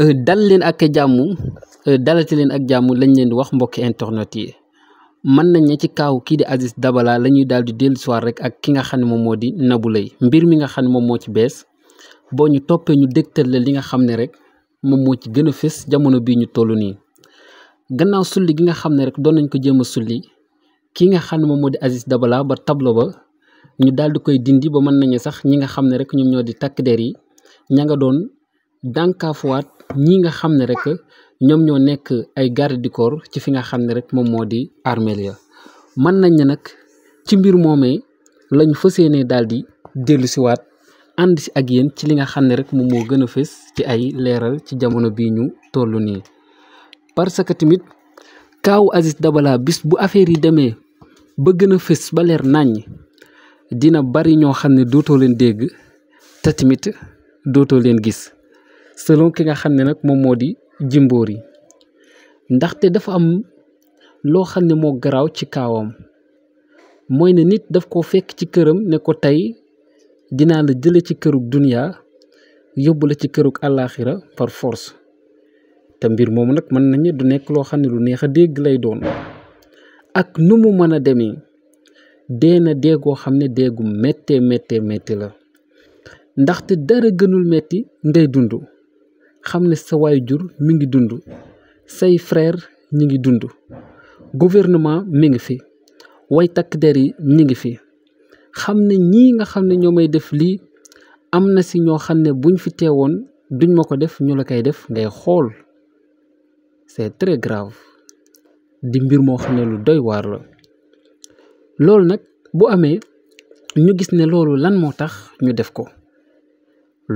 Euh, dal leen ak jàmm euh, dalati leen ak jàmm lañ leen di wax mbokki internet yi mën nañ ne ci kaw kii di Aziz Dabala la ñuy daal di dellu soir rek ak ki nga xam ne moom moo di Nabou Leye mbir mi nga xam ne moom moo ci bees boo ñu toppee ñu dégtal la li nga xam ne rek moom moo ci gën a fës jamono bii ñu toll nii gannaaw sulli gi nga xam ne rek doon nañ ko jéem a sulli ki nga xam ne moom moo di Aziz Dabala ba tableau ba ñu daal di koy dindi ba mën nañu sax ñi nga xam ne rek ñoom ñoo di takk der yi ña nga doon dànkaafuwaat ñi nga xam ne rek ñoom ñoo nekk ay garde du corps ci fi nga xam ne rek moom moo di armeel ya mën nañ ne nag ci mbir moomee lañ fas yéenee daal di dellusiwaat ànd si ak yéen ci li nga xam ne rek moom moo gën a fës ci ay leeral ci jamono bii ñu toll nii parce que tamit kaawu Aziz Dabala bis bu affaire yi demee ba gën fës ba leer naññ dina bari ñoo xam ne dootoo leen dégg te dootoo leen gis selon ki nga xam ne nag moom moo di jimboor yi ndaxte dafa am loo xam ne moo garaaw ci kaawam mooy ne nit daf ko fekk ci këram ne ko tey dinaa la jële ci kërug duniyaa yóbbu la ci kërug àllaaxira par force te mbir moomu nag mën nañu du nekk loo xam ne lu neex a dégg lay doon ak nu mu mën a demee dee na dee xam ne dee gu méttee méttee la ndaxte dara gënul metti ndey dund xam ne sa jur mi ngi dund say frère ñi ngi dund gouvernement mi ngi fi way takk der yi ñi ngi fi xam ne ñii nga xam ne ñoo may def lii am na si ñoo xam ne buñ fi teewoon duñ ma ko def ñu la koy def ngay xool c'est très grave di mbir moo xam ne lu doy waar la loolu nag bu amee ñu gis ne loolu lan moo tax ñu def ko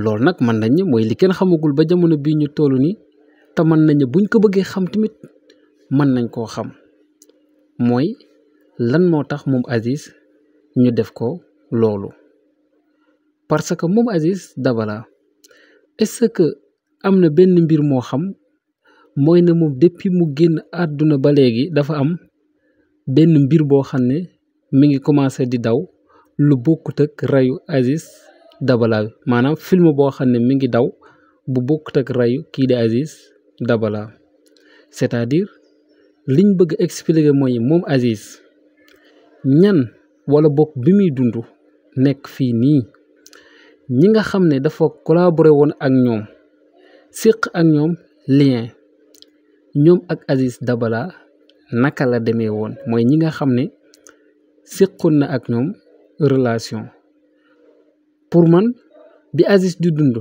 loolu nag mën nañ mooy li kenn xamagul ba jamono bii ñu toll nii te mën nañ ne buñ ko bëggee xam tamit mën nañ koo xam mooy lan moo tax moom Aziz ñu def ko loolu parce que moom Aziz Dabala est-ce que am na benn mbir moo xam mooy ne moom depuis mu génn àdduna ba léegi dafa am benn mbir boo xam ne mu ngi commencé di daw lu bokkut ak rayu Dabala maanaam film boo xam ne mi ngi daw bu bokkut ak rayu kii di Aziz Dabala c'est-à-dire liñ bëgg expliquer mooy moom Aziz ñan wala bokk bi muy dund nekk fii nii ñi nga xam ne dafa collaboré woon ak ñoom siq ak ñoom lien ñoom ak Aziz Dabala naka la demee woon mooy ñi nga xam ne séqoon na ak ñoom relation pour man bi Aziz di dund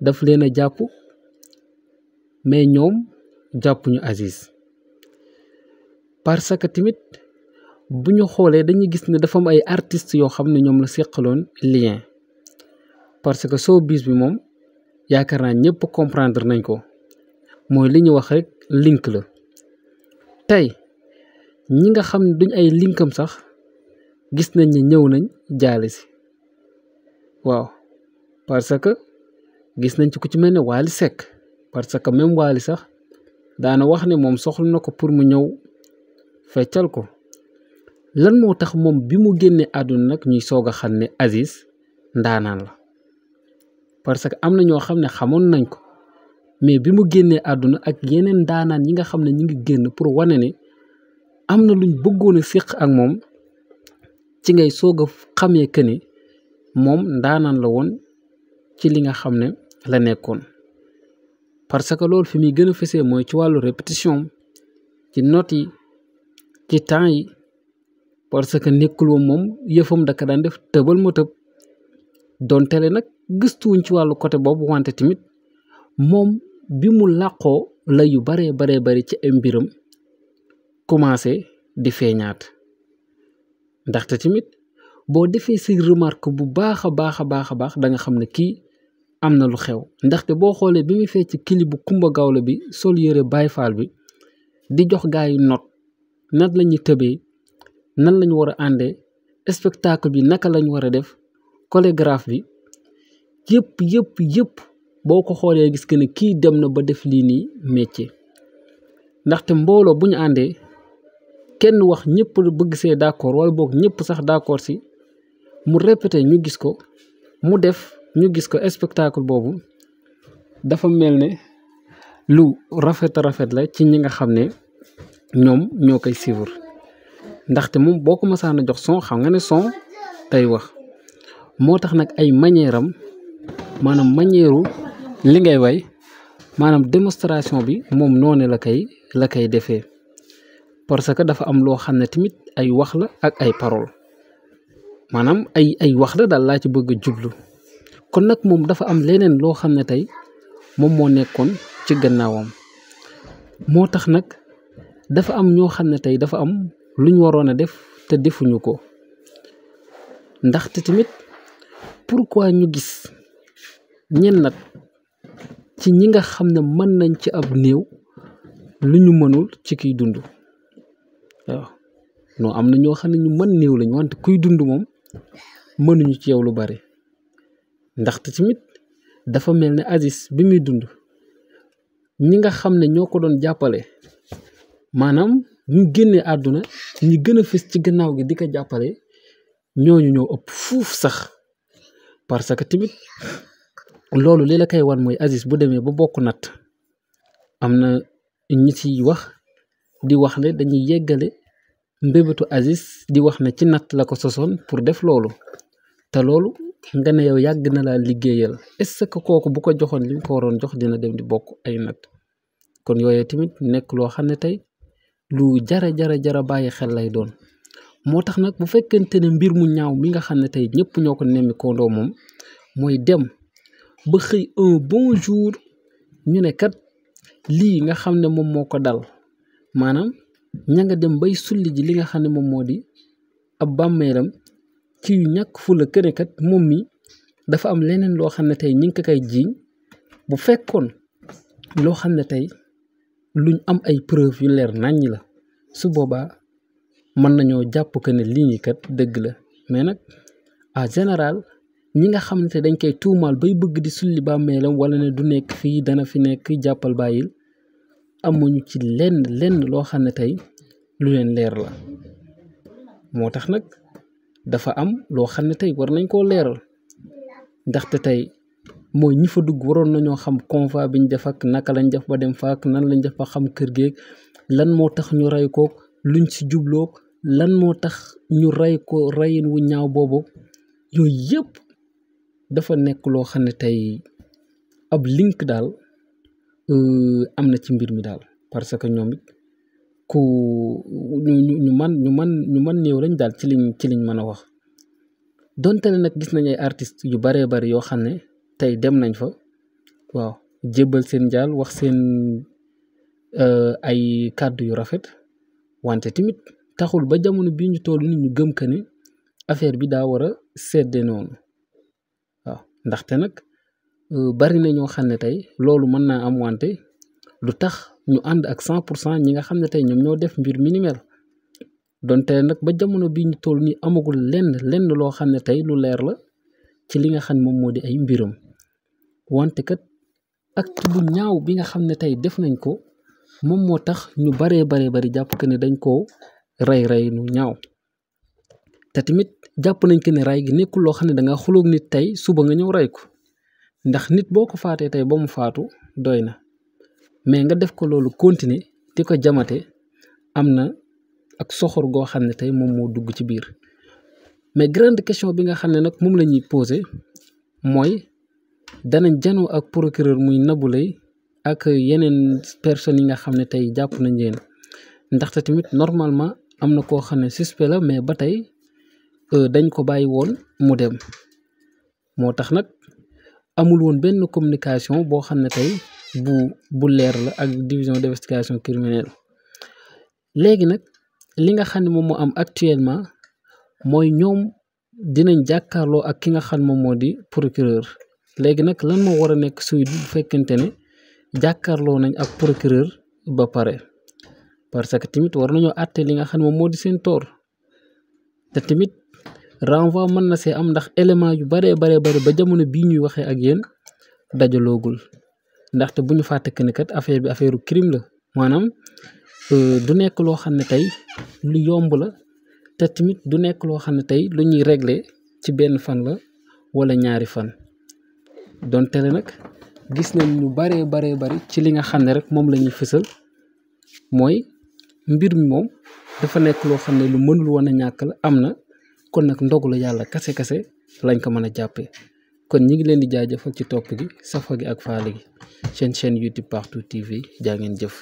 daf leen a jàpp mais ñoom jàppuñu Aziz parce que tamit bu ñu xoolee dañuy gis ne dafa am ay artistes yoo xam ne ñoom la seqaloon lien parce que soo bis bi moom yaakaar naa ñëpp comprendre nañ ko mooy li ñu wax rek link la tey ñi nga xam ne duñ ay linkam sax gis nañ ne ñëw nañ jaale si waaw parce que gis nañ ci ko ci mel ne Waly Seck parce que même Waly sax daana wax ne moom soxla na ko pour mu ñëw feccal ko lan moo tax moom bi mu génnee àdduna nag ñuy soog a xam ne Aziz ndaanaan la parce que am na ñoo xam ne xamoon nañ ko mais bi mu génnee àdduna ak yeneen ndaanaan yi nga xam ne ñu ngi génn pour wane ne am na luñ bëggoon a séq ak moom ci ngay soog a xamee que ni moom ndaanaan la woon ci li nga xam ne la nekkoon parce que loolu fi muy gën a mooy ci wàllu répétition ci not yi ci temps yi parce que nekkul moom yëfam daka daan def tëbal ma tëb donte le nag gëstuwuñ ci wàllu côté boobu wante tamit moom bi mu làqoo la yu baree baree bari ci ay mbiram commencé di feeñaat ndaxte tamit boo defee si remarque bu baax a baax a baax a baax da xam ne kii am na lu xew ndaxte boo xoolee bi muy fecc kili bu kumba gawla bi sol yére baay faal bi di jox gaa yi not nat la ñuy tëbee nan lañu war a àndee spectacle bi naka lañu war a def chorégraphe bi yëpp yëpp yëpp boo ko xoolee gis que ne kii dem na ba def lii nii métier ndaxte mbooloo bu ñu àndee kenn wax ñëpp bëgg see d'accord wala boog ñëpp sax d'accord si mu répété ñu gis ko mu def ñu gis ko spectacle boobu dafa mel ne lu rafet rafet la ci ñi nga xam ne ñoom ñoo koy suivre ndaxte moom boo ko masaan a jox son xam nga ne son tey wax moo tax nag ay manière am maanaam manière li ngay way maanaam démonstration bi moom noone la koy la koy defee parce que dafa am loo xam ne tamit ay wax la ak ay parole maanaam ay ay wax la daal laa ci bëgg jublu kon nag moom dafa am leneen loo xam ne tey moom moo nekkoon ci gannaawam moo tax nag dafa am ñoo xam ne tey dafa am lu ñu waroon a def te defuñu ko ndaxte tamit pourquoi ñu gis ñen nag ci ñi nga xam ne mën nañ ci ab néew lu ñu mënul ci kiy dund waaw non am na ñoo xam ne ñu mën néew lañ wante kuy dund moom mënuñu ci yow lu bari ndaxte tamit dafa mel ni Aziz bi muy dund ñi nga xam ne ñoo ko doon jàppale maanaam ñu génnee àdduna ñi gën a fës ci gannaaw gi di ko jàppale ñooñu ñoo ëpp fuuf sax parce que tamit loolu li la koy wan mooy Aziz bu demee ba bokk natt am na ñi ciy wax di wax ne dañuy yeggale mbébétu Aziz di wax na ci natt la ko sosoon pour def loolu te loolu nga ne yow yàgg na laa liggéeyal est-ce que kooku bu ko joxoon li mu ko waroon jox dina dem di bokk ay natt kon yooyu tamit nekk loo xam ne tey lu jara jara jara bàyyi xel lay doon moo tax nag bu fekkente ne mbir mu ñaaw mi nga xam ne tey ñëpp ñoo ko nemmi kondoo moom mooy dem ba xëy un bon jour ñu ne kat lii nga xam ne moom moo ko dal maanaam ña nga dem bay sulli ji li nga xam ne moom moo di ab bàmmeelam ci yu ñàkk fula kënekat moom mi dafa am leneen loo xam ne tey ñi ngi ko koy jiiñ bu fekkoon loo xam ne tey luñ am ay preuve yu leer nàññi la su boobaa mën nañoo jàpp que ne lii ñi kat dëgg la mais nag a général ñi nga xam ne dañ koy tuumaal bay bëgg di sulli bàmmeelam walla ne du nekk fii dana fi nekk jàppal bàyyil amuñu ci lenn lenn loo xam ne tey lu leen leer la moo tax nag dafa am loo xam ne tey war nañ koo leeral ndaxte tey mooy ñi fa dugg waroon nañoo xam convoi bi ñu def ak naka lañ def ba dem fa ak nan lañ def ba xam kër geeg lan moo tax ñu rey kook luñ ci jubloog lan moo tax ñu rey ko reyin wu ñaaw boobu yooyu yépp dafa nekk loo xam ne tey ab link daal Euh, am na ci mbir mi daal parce que ñoom it ku ñu ñu man ñu man ñu man néew lañ daal ci liñ ci liñ mën a wax donte ne nag gis nañ ay artistes yu baree bari yoo xam ne tey dem nañ fa waaw jébbal seen jaal wax seen euh, ay kàddu yu rafet wante tamit taxul ba jamono bii ñu toll nit ñu gëm que ne affaire bi daa war a sedde noonu waaw ndaxte nag Euh, bari na ñoo xam ne tey loolu mën naa am wante lu tax ñu ànd ak 100 pour cent ñi nga xam ne tey ñoom ñoo def mbir mi donte nag ba jamono bii ñu toll nii amagul lenn lenn loo xam ne tey lu leer la ci li nga xam moom moo di ay mbiram wante kat ak ñaaw bi nga xam ne tey def nañ ko moom moo tax ñu baree bare bari jàpp que ne dañ koo rey rey nu ñaaw te tamit jàpp nañ ko ne rey gi nekkul loo xam ne danga nga xuloog nit tey suba nga ñëw rey ko ndax nit boo ko faatee tey ba mu faatu doy na mais nga def ko loolu continuer di ko jamate am na ak soxor goo xam ne tey moom moo dugg ci biir mais grande question bi nga xam ne nag moom la ñuy posé mooy danañ janoo ak procureur muy Nabou Leye ak yeneen personnes yi nga xam ne tey jàpp nañ leen ndaxte tamit normalement am na koo xam ne suspect la mais ba tey euh, dañ ko bàyyi woon mu dem moo tax nag amul woon benn communication boo xam ne tey bu bu leer la ak division d'investigation criminelle léegi nag li nga xam ne moom moo am actuellement mooy ñoom dinañ jàkkaarloo ak ki nga xam moom moo di procureur léegi nag lan moo war a nekk suy fekkente ne jàkkaarloo nañ ak procureur ba pare parce que tamit war nañoo àtte li nga xam ne moom moo di seen toor te tamit renvoi mën na see am ndax élément yu baree baree bari ba jamono bii ñuy waxee ak yéen dajaloogul ndaxte bu ñu fàtte ne kat affaire bi affaire u la maanaam euh, du nekk loo xam ne tey lu yomb la te tamit du nekk loo xam ne tey lu ñuy régler ci benn fan la wala ñaari fan donte ne nag gis nañ ñu baree bare bari ci li nga xam ne rek moom lañuy fësal mooy mbir mi moom dafa nekk loo xam ne lu mënul woon a ñàkk la am na kon nag ndoglu yàlla kase kase lañ ko mën a jàppee kon ñi ngi leen di jaajëfal ci topp gi safa gi ak faale gi seen chaîne YouTube Partout TV jaa ngeen jëf